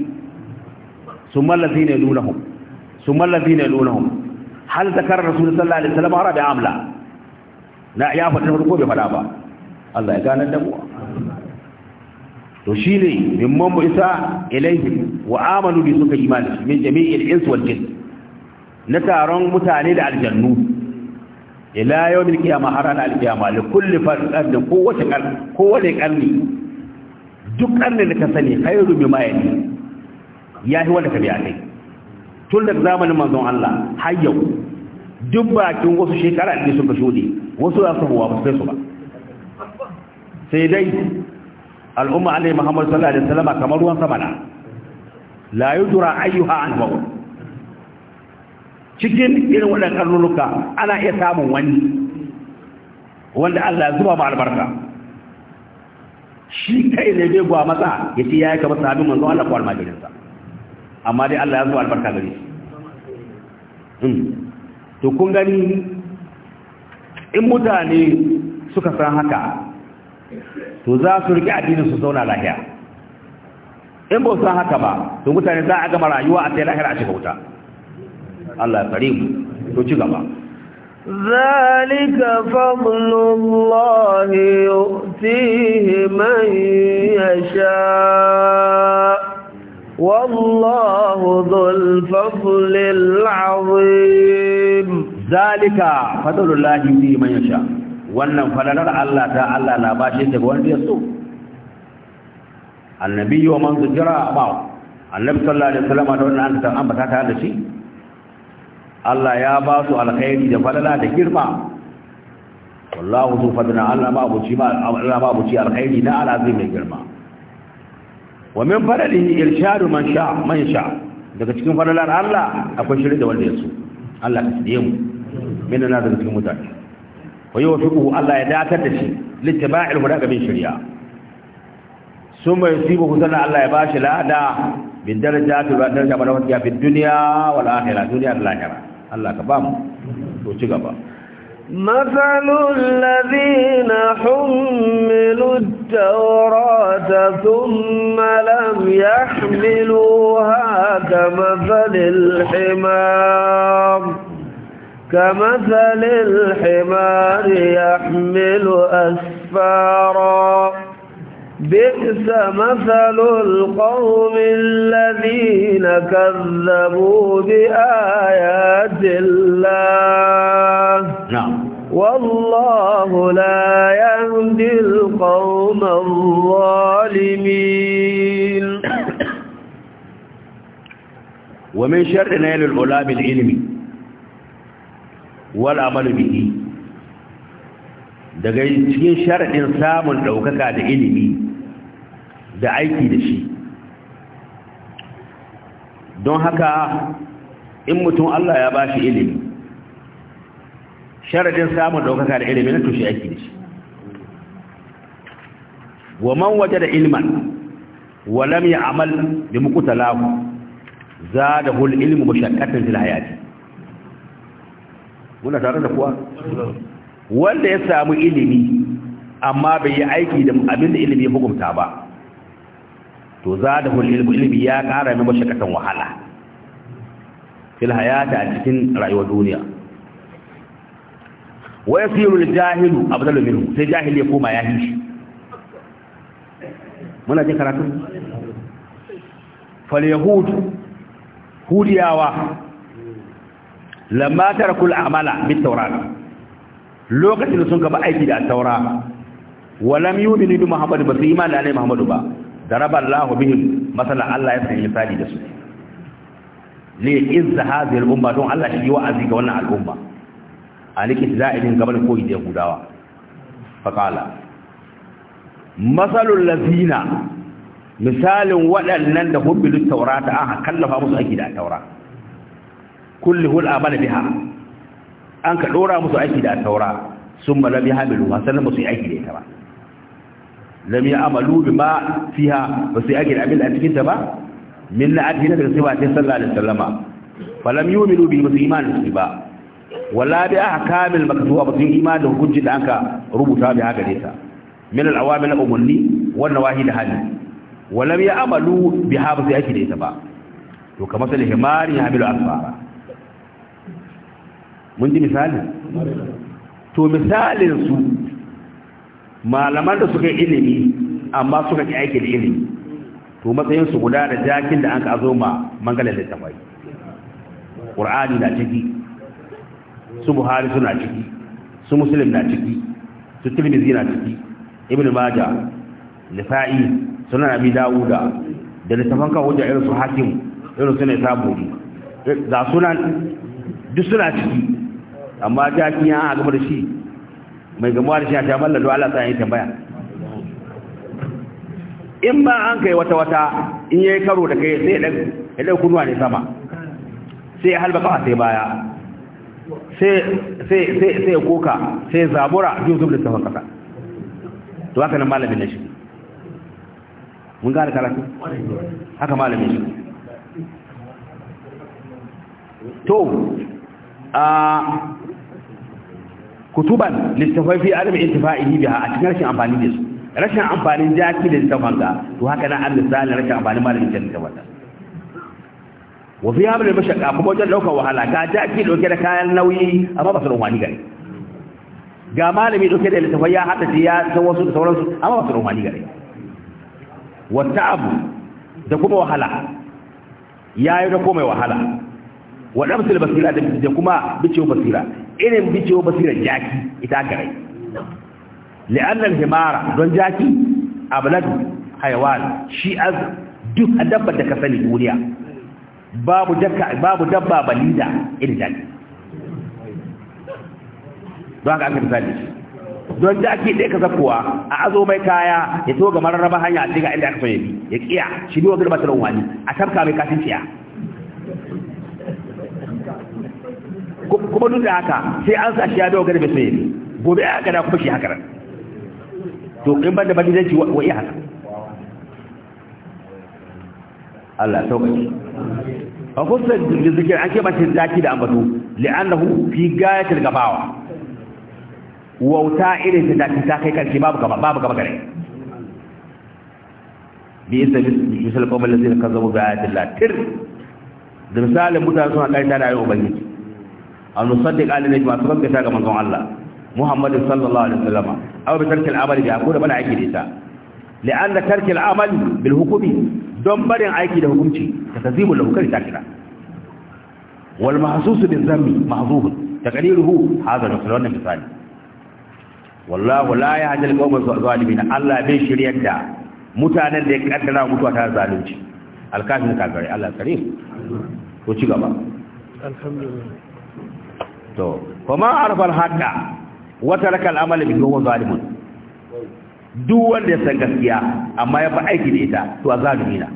summa allazina yalunhum summa allazina yalunhum hal zakara da sallallahu alaihi wasallam rabi amla na ya fata ko bai fada ba Allah ya ganar da mu to shi ne mimman mu isa ilaihim wa amanu bi suka imani min jami'il ins wal jin na taron mutane da aljannu ila yawmil qiyama har an al qiyama li kulli fardin kowace kar kowace karni duk karnin da ka sani khairu bima yani yahi wanda ka biya kai tun daga zamanin manzon Allah har yau duk bakin wasu shekara ne suka shode wasu za ba su ba sai dai al'umma annabi Muhammad sallallahu alaihi wasallam kamar ruwan sama na la yujra ayyuha an bawu cikin irin waɗannan karnuka ana iya samun wani wanda Allah ya zuba ma albarka shi kai ne bai gwa masa yace yi kamar sahabin manzo Allah ko almajirin sa amma dai Allah ya zuba albarka gare shi hmm. to kun gani in mutane suka san haka to za su riƙe addinin su zauna lahiya in ba su san haka ba to mutane za a gama rayuwa a sai lahira a cika wuta Allah ya mu to ci gaba Zalika! fadlullahi yu'tihi man yasha والله ذو الفضل العظيم ذلك فضل الله يؤتيه من يشاء wannan falalar Allah ta Allah na bashi daga ga wanda ya so annabi yau man zujira ba annabi sallallahu alaihi wasallam da wannan an ambata ta da shi Allah ya ba su alkhairi da falala da girma wallahu zu fadna Allah ma abuci ba Allah ma abuci alkhairi na alazim mai girma wa min fadlihi irshadu man sha man sha daga cikin falalar Allah akwai shirin da wanda ya so Allah ka tsiye mu min na daga cikin mutane ويوفقه الله يداكر دشي لاتباع الهداك من شريعة ثم يصيبه سنة الله يباشي لا دا من درجة درجة في الدنيا والآخرة الدنيا والآخرة الله كبام وشكبا مثل الذين حملوا التوراة ثم لم يحملوها كمثل الحمار كمثل الحمار يحمل أسفارا بئس مثل القوم الذين كذبوا بآيات الله نعم والله لا يهدي القوم الظالمين ومن شر نيل العلا بالعلم wal amalu bihi daga cikin sharadin samun daukaka da ilimi da aiki da shi don haka in mutum Allah ya bashi ilimi sharadin samun daukaka da ilimi na tushe aiki da shi wa man wajada ilman wa lam ya'mal bi muqtalahu zada hul ilmu mashaqqatan fil hayati muna tare da kuwa wanda ya samu ilimi amma bai yi aiki da abin da ilimi ya hukumta ba to za da hulilmu ilimi ya kara mai mashakatan wahala fil hayata a cikin rayuwar duniya wa yasiru lil jahilu abdalu minhu sai jahili ya koma ya hishi muna jin karatu fal yahud hudiyawa lamma tarakul amala bit tawrat lokacin da sun gaba aiki da taura walam yu'minu bi muhammad ba su imani da muhammadu ba daraba allah bihim masala allah ya sanya misali da su li izza hadhihi al umma don allah shi wa'azi ga wannan al'umma aliki za'idin gaban koyi da gudawa faqala masalul lazina misalin waɗannan da hubbilut tawrata aka kallafa musu aiki da taura. كله الآمان بها أنك دورا مسوعيك إلى التوراة ثم لم يحملوا وصلنا مسوعيك إليه كما لم يعملوا بما فيها مسوعيك العمل أتكين تبا من لعدهنا في صفاة صلى الله عليه وسلم فلم يؤمنوا بمسيمان الصفاء ولا بأحكام المكتوبة بسيء إيمانه كنت لأنك ربطا بها كديسة من العوامل الأمني والنواهي لهذه ولم يعملوا بها مسوعيك إليه كما وكما سلي حمار يحملوا أكفارا mun ji misali to misalin su malaman da suka yi ilimi amma suka ki aiki da ilimi to matsayin su guda da jakin da aka zo ma mangalan littafai qur'ani na ciki su buhari suna ciki su muslim na ciki su tilmizi na ciki ibn majah nifa'i sunan abi dauda da littafan kan hujja irin su hakim irin su ne saburi da sunan duk suna ciki amma jaki ya a gaba da shi mai gamuwa da shi a tamar lalwa Allah tsayin tambaya in ba an kai wata wata in yayi karo da kai sai ya ɗau kunuwa ne sama sai ya halba kawa sai baya sai ya koka sai zabura biyu zubda tsawon kasa to haka nan malamin na shi mun gane karatu haka malamin shi to kutuban littafai fi adam intifa'ihi biha a cikin rashin amfani da su rashin amfanin jaki da littafan ga to haka nan an misali rashin amfanin malamin da littafan ga wa fi hamil mashaqqa kuma wajen daukar wahala ga jaki dauke da kayan nauyi amma ba su da wani gari ga malami dauke da littafai ya hada ya san wasu da sauransu amma ba su da wani gari wa ta'abu da kuma wahala yayi da komai wahala wa damsul basira da kuma bicewa basira irin bicewa basirar jaki ita gare li'annan himara don jaki abladu haiwan shi az duk dabbar da ka sani duniya babu dakka babu dabba balida irin jaki don ka aka misali don jaki ɗaya ka zakuwa a azo mai kaya ya to ga mararraba hanya a cikin inda aka so ya bi ya kiya shi ne wa girma talon wani a tabka mai kafin ciya kuma duk da haka sai an sa shi ya dawo garbe sai gobe a gada kuma shi haka ran to in ban da ban zai ci wa iya haka Allah sauƙaƙi a kusa da zikir an keɓa shi zaki da ambato li'annahu fi gayatul gabawa wauta irin ta zaki ta kai karshe babu gaba babu gaba gare bi isa misal qawmal ladina kazzabu bi ayati llahi tir da misalin mutane suna kai ta da ayoyin ubangiji an nusaddiq alayhi masu tabbata ga manzon Allah Muhammadu sallallahu alaihi wasallam abu bi tarkil amali bi akwai da bada aiki da ita li'anna tarkil amali bil hukumi don barin aiki da hukunci tazimul hukari takira wal mahsus bil zammi mahzuf taqdiruhu hadha misal wannan misali wallahu la ya yahdi al qawm na Allah bai shiryar da mutanen da ya kaddara mutuwa ta zalunci al kafir kafir Allah karim ko ci gaba alhamdulillah to kuma arfal hadda wa taraka al huwa zalimun duk wanda ya san gaskiya amma ya fa aiki da ita to azalimi na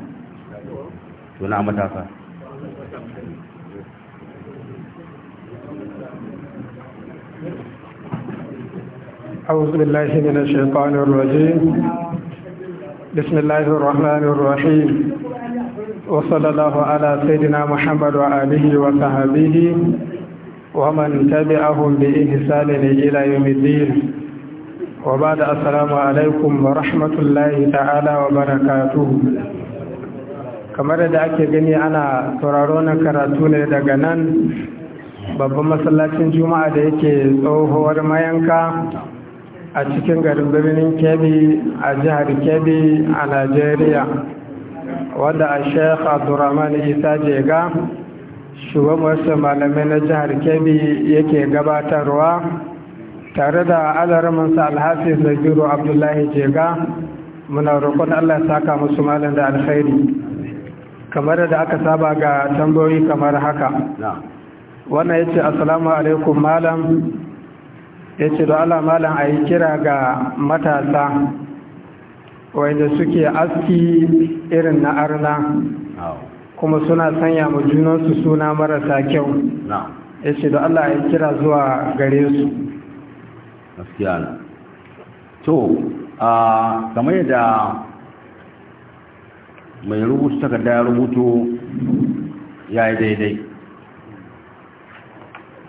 to na matasa أعوذ بالله من الشيطان الرجيم بسم الله الرحمن الرحيم وصلى الله على سيدنا محمد وآله وصحبه ومن تبعهم بإحسان إلى يوم الدين وبعد wa عليكم ورحمة الله تعالى وبركاته kamar da ake gani ana tauraro na karatu ne daga nan babban masallacin juma'a da yake tsohuwar mayanka a cikin garin birnin kebbi a jihar kebbi a najeriya wadda a sheikh abdurrahman isa jega wasu malamai na jihar kebbi yake gabatarwa tare da azaraminsa alhafi zagiru abdullahi jega muna roƙon allah saka musu malam da alkhairi kamar da aka saba ga tambayoyi kamar haka wannan ya ce assalamu alaikum malam ya ce da 'Ala malam a yi kira ga matasa wanda suke aski irin na arna kuma suna sanya mu junansu suna marasa kyau ya ce da Allah ya kira zuwa gare su gaskiya na to a game da mai rubutu takarda ya rubuto ya yi daidai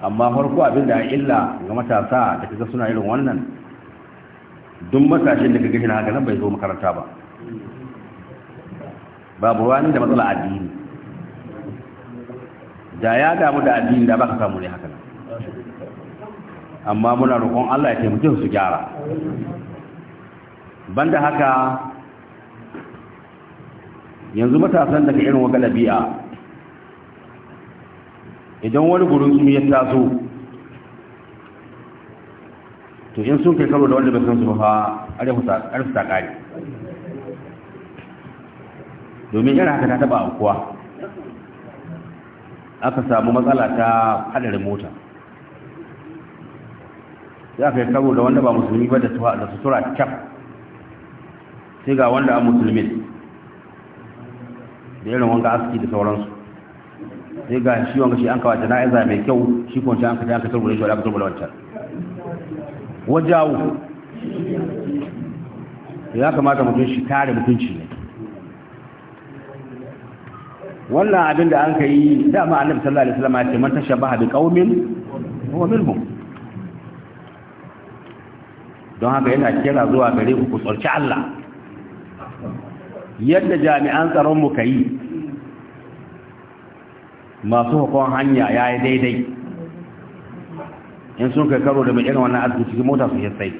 amma farko abinda ya illa ga matasa da kaga suna irin wannan duk matashin da kaga shi na bai zo makaranta ba babu wani da matsala addini da ya damu da addini da ba ka samu ne haka amma muna roƙon Allah ya taimake su gyara banda haka yanzu matasan daga irin wa labi'a idan wani gurin su ya taso to in sun kai karo da wanda bai san su fa arfa ta kare domin yana haka ta taba aukuwa aka samu matsala ta hadarin mota ya kai karo da wanda ba musulmi ba da sutura cap sai ga wanda a musulmin da irin wanga aski da sauransu sai ga shi wanga shi an kawo jana'iza mai kyau shi kwanci an kaji an ka turbule shi wadda aka turbule wajawo ya kamata mutum shi kare mutunci ne wannan abin da an ka yi dama annabi sallallahu alaihi wasallam ya ce man tashabaha bi qaumin huwa minhum don haka yana kira zuwa gare ku ku tsorci Allah yadda jami'an tsaron mu kai masu hukun hanya yayi daidai in sun kai karo da mai irin wannan arziki cikin mota su yatsai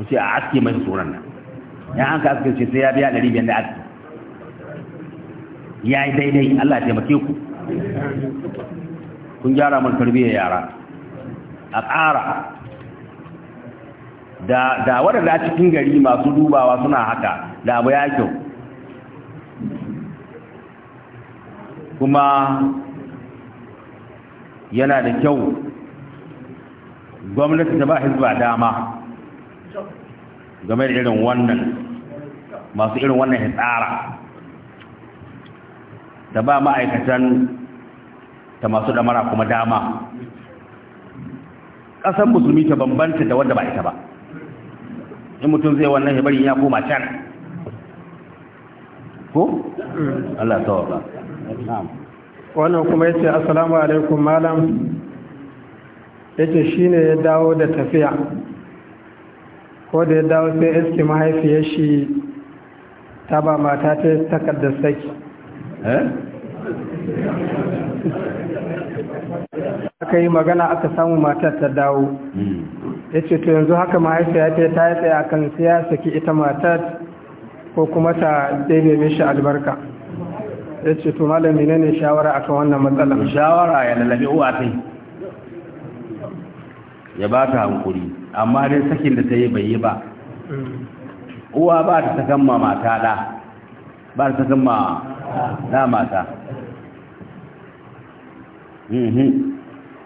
ku ce a aske mai tsoron nan ya an ka aske ce sai ya biya 500 da aski. ya yi daidai Allah taimake ku kun gyara mun tarbiyyar yara a ƙara da da waɗanda cikin gari masu dubawa suna haka da abu ya kyau kuma yana da kyau gwamnati ta ba hizba dama game da irin wannan masu irin wannan hitsara da ba ma'aikatan ta masu damara kuma dama ƙasar musulmi ta bambanta da wanda ba ita ba in mutum zai wannan hibari ya koma can ko? Allah ta wata wannan kuma ya ce asalamu alaikum malam ya ce shi ne ya dawo da tafiya ko da ya dawo sai iski mahaifiyar shi ta ba mata ta takardar saki Eh? aka yi magana aka samu matar ta dawo hmm. ya ce to yanzu haka mahaifiya ta ta yi tsaye a kan siya ki ita matar ko kuma ta daidai mishi albarka ya ce to malami ne ne shawara akan wannan matsalar shawara ya lalabi uwa ta ya ba ta hankuri amma dai sakin da ta yi bai yi ba hmm. uwa ba ta sakan ma mata da ba ta sakan ma na mata mhm.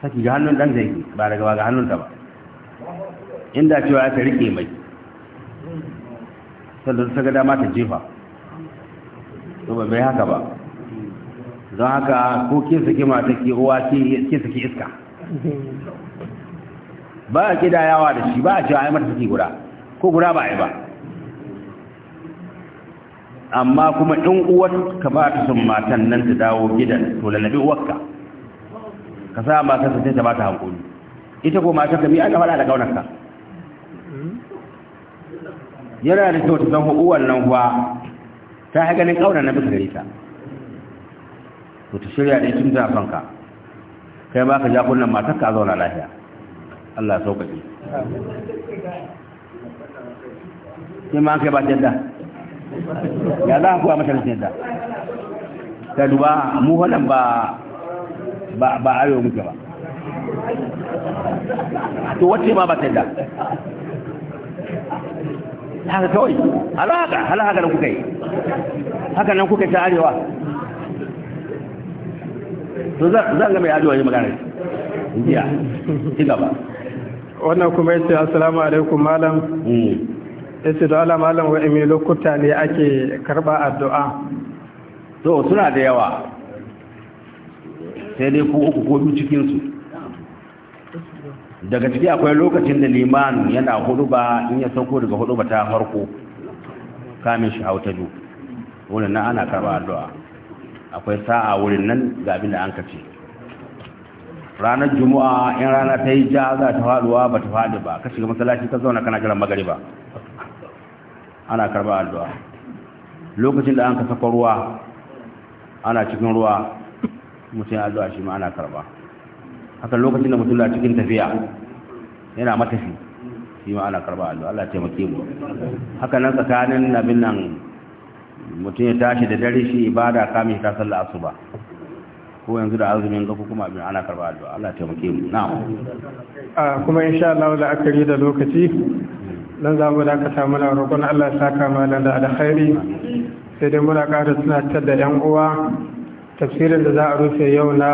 saki ga hannun ɗan zai ba daga ga hannunta ba inda cewa aka rike mai sannan ta ga dama ta jefa to ba mai haka ba don haka ko ke saki mata ke uwa ke saki iska ba a kidayawa da shi ba a cewa ai mata saki guda ko guda ba a yi ba amma kuma in uwar ka ba ta son matan nan ta dawo gidan to lallabi uwarka ka sa matan ta sai ta ba ta hankuli ita ko matan ka mi aka fara da gaunarka yana da kyau ta san uwar nan kuwa ta ha ganin kaunar na bisa gare ta to ta shirya da tun da fanka kai ma ka ja kullum matar ka zauna lafiya Allah ya sauƙaƙe. Sai ma kai ba jadda. ya za a kuwa mata yadda ta duba mu wadan ba ba arewa muke ba to wacce ma ba ta yadda haka kawai halaka halaka nan kuka yi haka nan kuka ta arewa to zan ga mai arewa yi magana ya, ci gaba wannan kuma yace assalamu alaikum malam mm. yace da malam wa imi lokuta ne ake karba addu'a to suna da yawa sai dai ko uku ko biyu su daga ciki akwai lokacin da liman yana hudu ba in ya sauko daga hudu ba ta farko kamin shi hau ta biyu wurin nan ana karba addu'a akwai sa'a wurin nan ga abin da an kace ranar juma'a in rana ta yi ja za ta faduwa ba ta fadi ba ka shiga masallaci ka zauna kana Magari ba. ana karba addu'a lokacin da an ka saka ruwa ana cikin ruwa mutum addu'a shi ma ana karba haka lokacin da mutum na cikin tafiya yana matafi shi ma ana karba addu'a Allah taimake mu haka nan tsakanin abin nan mutum ya tashi da dare shi ibada kamin ta sallar asuba ko yanzu da azumin gafu kuma abin ana karba addu'a Allah taimake mu na'am kuma insha Allah Akari da lokaci nan za mu dakata muna roƙon Allah ya saka malam da alkhairi sai dai muna ƙara tunatar da yan uwa tafsirin da za a rufe yau na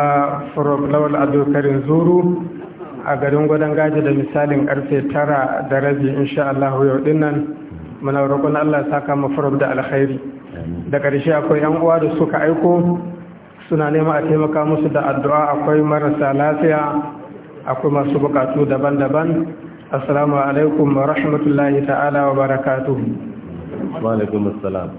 Prof Lawal Abdul Zuru a garin gudan gaji da misalin ƙarfe tara da rabi insha Allah yau din nan muna roƙon Allah ya saka mu Prof da alkhairi da ƙarshe akwai yan uwa da suka aiko suna nema a taimaka musu da addu'a akwai marasa lafiya akwai masu buƙatu daban-daban assalamu alaikum wa rahmatullahi ta'ala wa barakatuhu wa alaikum assalam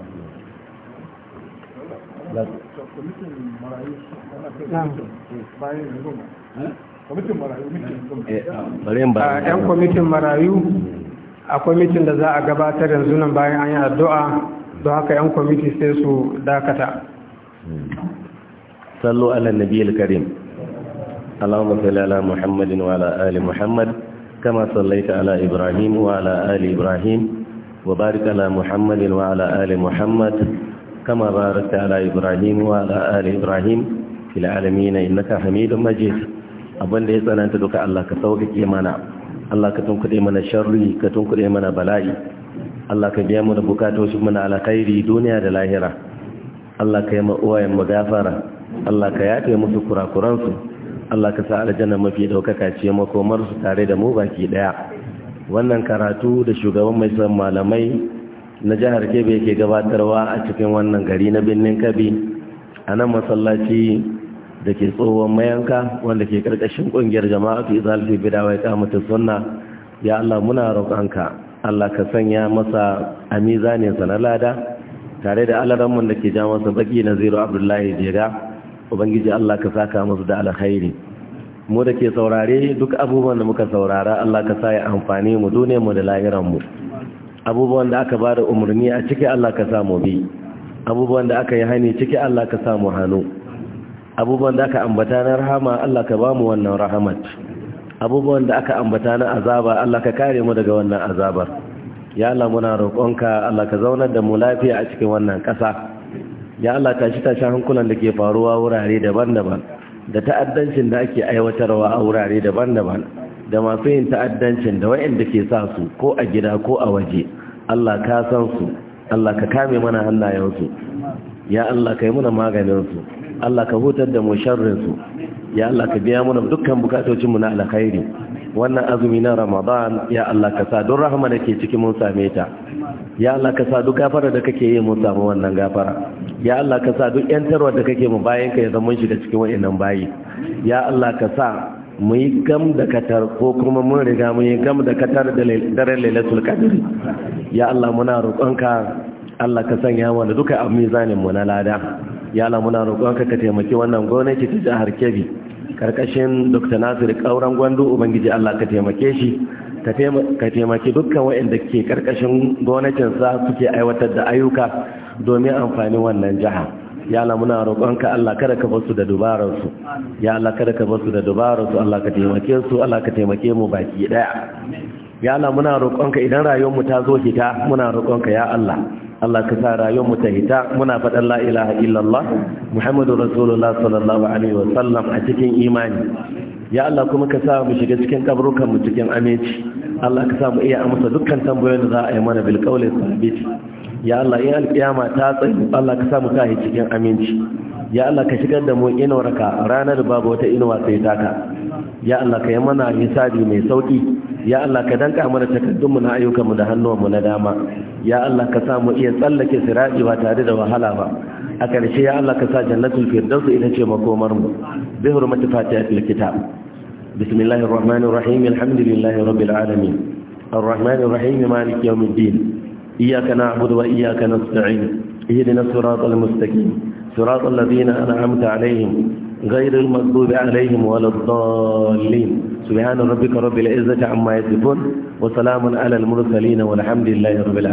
eh, ah, ah, yan kwamitin marayu a kwamitin da za a gabatar yanzu nan bayan an yi addu'a don haka yan kwamiti sai su dakata sallu ala nabi al-karim اللهم صل على محمد وعلى Ali محمد كما صليت على إبراهيم وعلى آل إبراهيم وبارك على محمد وعلى آل محمد كما باركت على إبراهيم وعلى آل إبراهيم في العالمين إنك حميد مجيد da ya tsananta duka Allah ka sauƙaƙe mana Allah ka tunkuɗe mana sharri ka tunkuɗe mana bala'i Allah ka biya mu da bukatoci mana alkhairi duniya da lahira Allah ka ma uwayen mu gafara Allah ka yafe musu kurakuransu Allah ka sa aljanna mafi daukaka ce makomar su tare da mu baki daya wannan karatu da shugaban mai san malamai na jihar Kebbi yake gabatarwa a cikin wannan gari na Birnin Kabi a nan masallaci da ke tsohon mayanka wanda ke karkashin kungiyar jama'atu izalfi bidawai ya kamata sunna ya Allah muna roƙonka Allah ka sanya masa amizanin na lada tare da alaranmu da ke ja masa baki na zero abdullahi Jeda. ubangiji Allah ka saka musu da alkhairi mu da ke saurare duk abubuwan da muka saurara Allah ka sa ya amfane mu duniyar mu da lahiran abubuwan da aka bada umarni a ciki Allah ka sa mu bi abubuwan da aka yi hani ciki Allah ka sa mu hannu abubuwan da aka ambata na rahama Allah ka ba mu wannan rahamat abubuwan da aka ambata na azaba Allah ka kare mu daga wannan azabar ya Allah muna roƙonka Allah ka zaunar da mu lafiya a cikin wannan ƙasa ya Allah tashi tashi hankulan da ke faruwa wurare daban-daban da ta'addancin da ake aiwatarwa a wurare daban-daban da masu yin ta'addancin da wayanda ke sa su ko a gida ko a waje Allah ka san su Allah ka kame mana hannayensu ya Allah ka yi muna maganinsu Allah ka hutar da mu sharrinsu. ya Allah ka biya mana dukkan bukatocinmu na alkhairi wannan azumi na Ramadan ya Allah ka sa don rahama da ke cikin mun same ta ya Allah ka sa duk gafara da kake yi mu samu wannan gafara ya Allah ka sa duk yantarwa da kake mu bayan ka ya zama shiga cikin wa'annan bayi ya Allah ka sa mu yi gam da katar ko kuma mun riga mu yi gam da katar da daren lailatul qadr ya Allah muna roƙonka Allah ka sanya mana duka a mizanin mu na lada ya Allah muna roƙonka ka taimaki wannan gwamnati ta jihar Kebbi karkashin Dr. Nasir Kauran Gwandu ubangiji Allah ka taimake shi ka taimaki dukkan waɗanda ke ƙarƙashin gonakinsa suke aiwatar da ayyuka domin amfani wannan jiha ya Allah muna roƙonka Allah kada ka basu da dubararsu ya Allah kada ka basu da dubararsu Allah ka taimake su Allah ka taimake mu baki daya ya Allah muna roƙonka idan rayuwar mu ta zo hita muna roƙonka ya Allah Allah ka sa rayuwar mu ta hita muna faɗan la ilaha illallah Muhammadu Rasulullah sallallahu alaihi wasallam a cikin imani ya Allah kuma ka sa mu shiga cikin kabrukan mu cikin aminci Allah ka sa mu iya amsa dukkan tambayoyin da za a yi mana bil qawli sabit ya Allah in alkiyama ta tsaye Allah ka sa mu tahi cikin aminci ya Allah ka shigar da mu inuwarka ranar babu wata inuwa sai taka ya Allah ka yi mana hisabi mai sauki ya Allah ka danka mana takaddunmu na ayyukanmu da hannuwanmu na dama ya Allah ka mu iya tsallake siraji ba tare da wahala ba a ƙarshe ya Allah ka sa jannatul firdaus ita ce makomar mu bi hurmati fatihatul kitab bismillahir rahmanir rahim alhamdulillahi rabbil alamin arrahmanir rahim maliki yawmiddin iyyaka na'budu wa iyyaka nasta'in ihdinas siratal mustaqim siratal ladzina an'amta alaihim غير المغضوب عليهم ولا الضالين سبحان ربك رب العزة عما يصفون وسلام على المرسلين والحمد لله رب العالمين